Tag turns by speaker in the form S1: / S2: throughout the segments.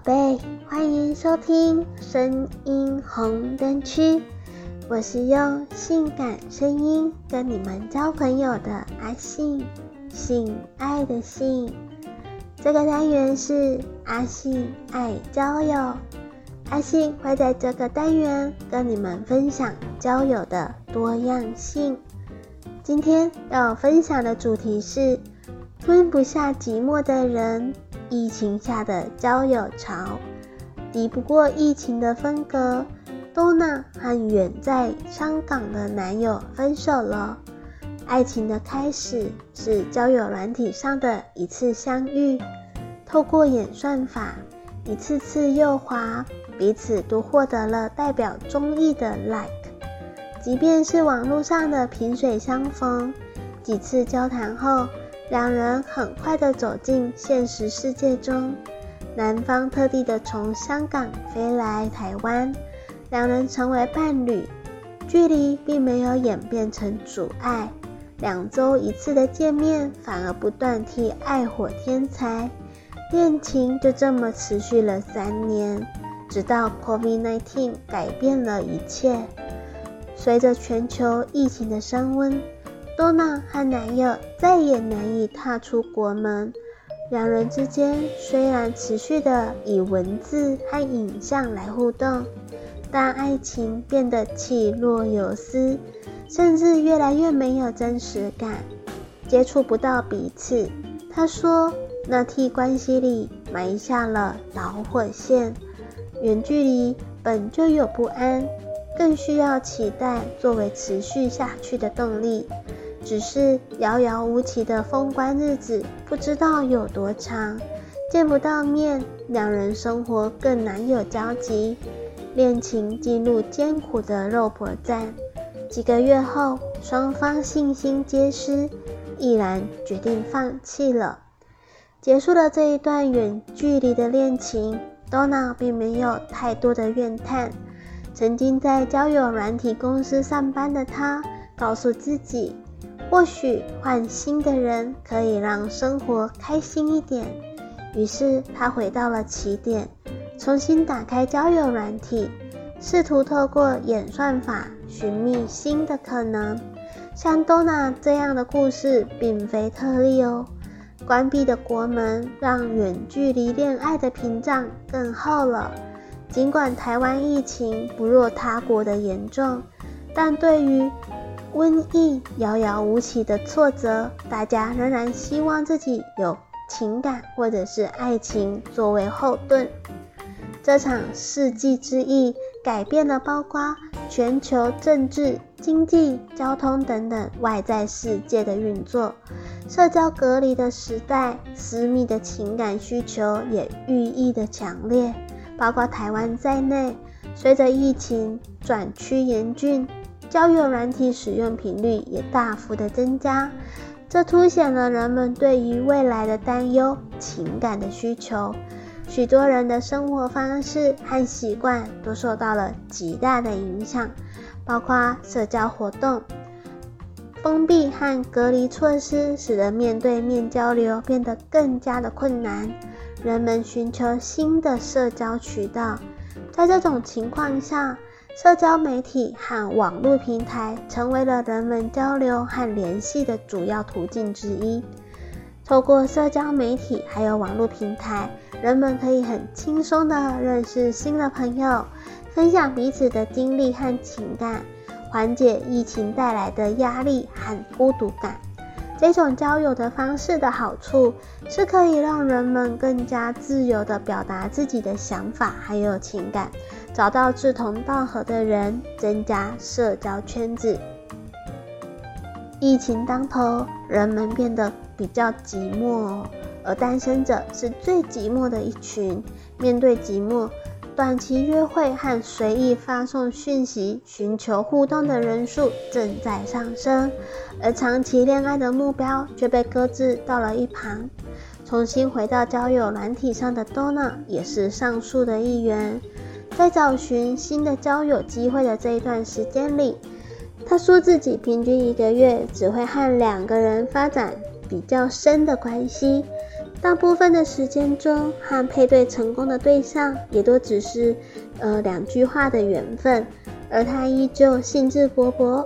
S1: 寶貝，歡迎收聽聲音紅燈區。我是用性感聲音跟你們交朋友的阿性，性愛的性。這個單元是阿性愛交友，阿性會在這個單元跟你們分享交友的多樣性。今天要分享的主題是吞不下寂寞的人。疫情下的交友潮，敵不過疫情的分隔。都娜和遠在香港的男友分手了。愛情的開始是交友軟體上的一次相遇，透過演算法，一次次右滑，彼此都獲得了代表中意的 like。即便是網絡上的萍水相逢，幾次交談後，兩人很快的走進現實世界中，男方特地的從香港飛來台灣，兩人成為伴侶，距離並沒有演變成阻礙，兩周一次的見面反而不斷替愛火添柴，戀情就這麼持續了三年，直到 COVID-19 改變了一切，隨着全球疫情的升溫，多娜和男友再也難以踏出國門，兩人之間雖然持續地以文字和影像來互動，但愛情變得起落有絲，甚至越來越沒有真實感，接觸不到彼此。她說：“那替關係裡埋下了導火線，遠距離本就有不安，更需要期待作為持續下去的動力。”只是遙遙無期的封關日子不知道有多長，見不到面，兩人生活更難有交集，戀情進入艱苦的肉搏戰。幾個月後，雙方信心皆失，毅然決定放棄了。結束了這一段遠距離的戀情，Donna 並沒有太多的怨嘆。曾經在交友軟體公司上班的他，告訴自己，或許換新的人可以讓生活開心一點，於是他回到了起點，重新打開交友軟體，試圖透過演算法尋覓新的可能。像 Dona 這樣的故事並非特例哦。關閉的國門讓遠距離戀愛的屏障更厚了。儘管台灣疫情不若他國的嚴重，但對於瘟疫遙遙無期的挫折，大家仍然希望自己有情感或者是愛情作為後盾。這場世紀之役改變了，包括全球政治、經濟、交通等等外在世界的運作。社交隔離的時代，私密的情感需求也愈益的強烈。包括台灣在內，隨着疫情轉趨嚴峻。交友軟體使用頻率也大幅的增加，這凸顯了人們對於未來的擔憂、情感的需求。許多人的生活方式和習慣都受到了極大的影響，包括社交活動。封閉和隔離措施使得面對面交流變得更加的困難，人們尋求新的社交渠道。在這種情況下，社交媒體和網絡平台成為了人們交流和聯繫的主要途徑之一。透過社交媒體還有網絡平台，人們可以很輕鬆地認識新的朋友，分享彼此的經歷和情感，緩解疫情帶來的壓力和孤獨感。這種交友的方式的好處是可以讓人們更加自由地表達自己的想法還有情感。找到志同道合的人，增加社交圈子。疫情當頭，人們變得比較寂寞哦，而單身者是最寂寞的一群。面對寂寞，短期約會和隨意發送訊息尋求互動的人數正在上升，而長期戀愛的目標卻被擱置到了一旁。重新回到交友軟體上的多娜也是上述的一員。在找尋新的交友機會的這一段時間裡，他說自己平均一個月只會和兩個人發展比較深的關係，大部分的時間中和配對成功的對象也都只是呃兩句話的緣分，而他依舊興致勃勃，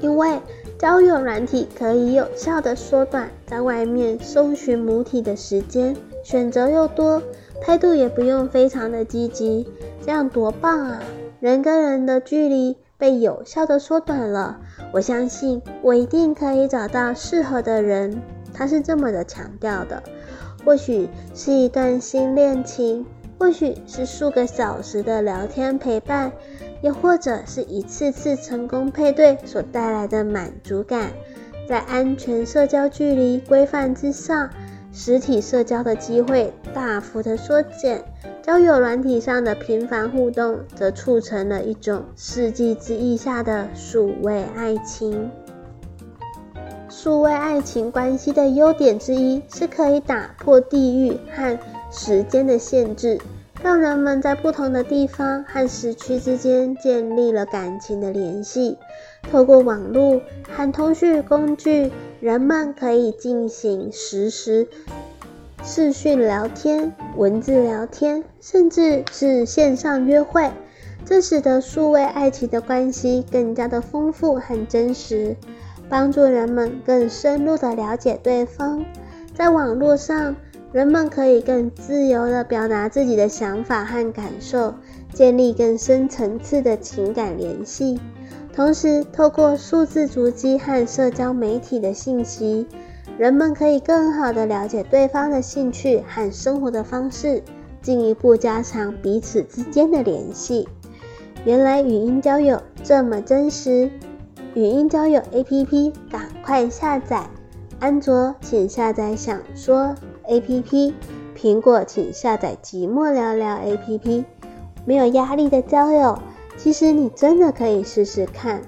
S1: 因為交友軟體可以有效的縮短在外面搜尋母體的時間，選擇又多。態度也不用非常的積極，這樣多棒啊！人跟人的距離被有效的縮短了。我相信我一定可以找到適合的人，他是這麼的強調的。或許是一段新戀情，或許是數個小時的聊天陪伴，又或者是一次次成功配對所帶來的滿足感。在安全社交距離規範之上，實體社交的機會大幅的縮減，交友軟體上的頻繁互動，則促成了一種世紀之疫下的數位愛情。數位愛情關係的優點之一，是可以打破地域和時間的限制，讓人們在不同的地方和時區之間建立了感情的聯繫，透過網路和通訊工具。人們可以進行實時視訊聊天、文字聊天，甚至是線上約會，這使得數位愛情的關係更加的豐富和真實，幫助人們更深入的了解對方。在網絡上，人們可以更自由的表達自己的想法和感受，建立更深層次的情感聯繫。同時，透過數字足跡和社交媒體的信息，人們可以更好地了解對方的興趣和生活的方式，進一步加強彼此之間的聯繫。原來語音交友這麼真實，語音交友 APP 趕快下載！安卓請下載享說 APP，蘋果請下載寂寞聊聊 APP，沒有壓力的交友。其實你真的可以試試看，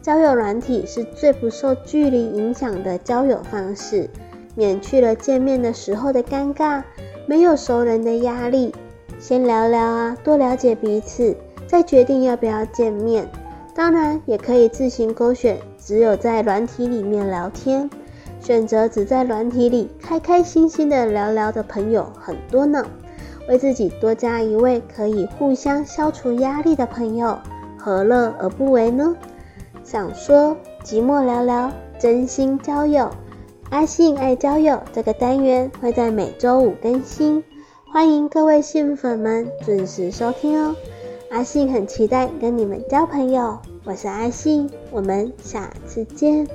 S1: 交友軟體是最不受距離影響的交友方式，免去了見面的時候的尷尬，沒有熟人的壓力，先聊聊啊，多了解彼此，再決定要不要見面。當然也可以自行勾選，只有在軟體裡面聊天，選擇只在軟體裡開開心心的聊聊的朋友很多呢。為自己多加一位可以互相消除壓力的朋友，何樂而不為呢？享說寂寞聊聊，真心交友。阿性愛交友這個單元會在每周五更新，歡迎各位性粉們準時收聽哦。阿性很期待跟你們交朋友，我是阿性，我們下次見。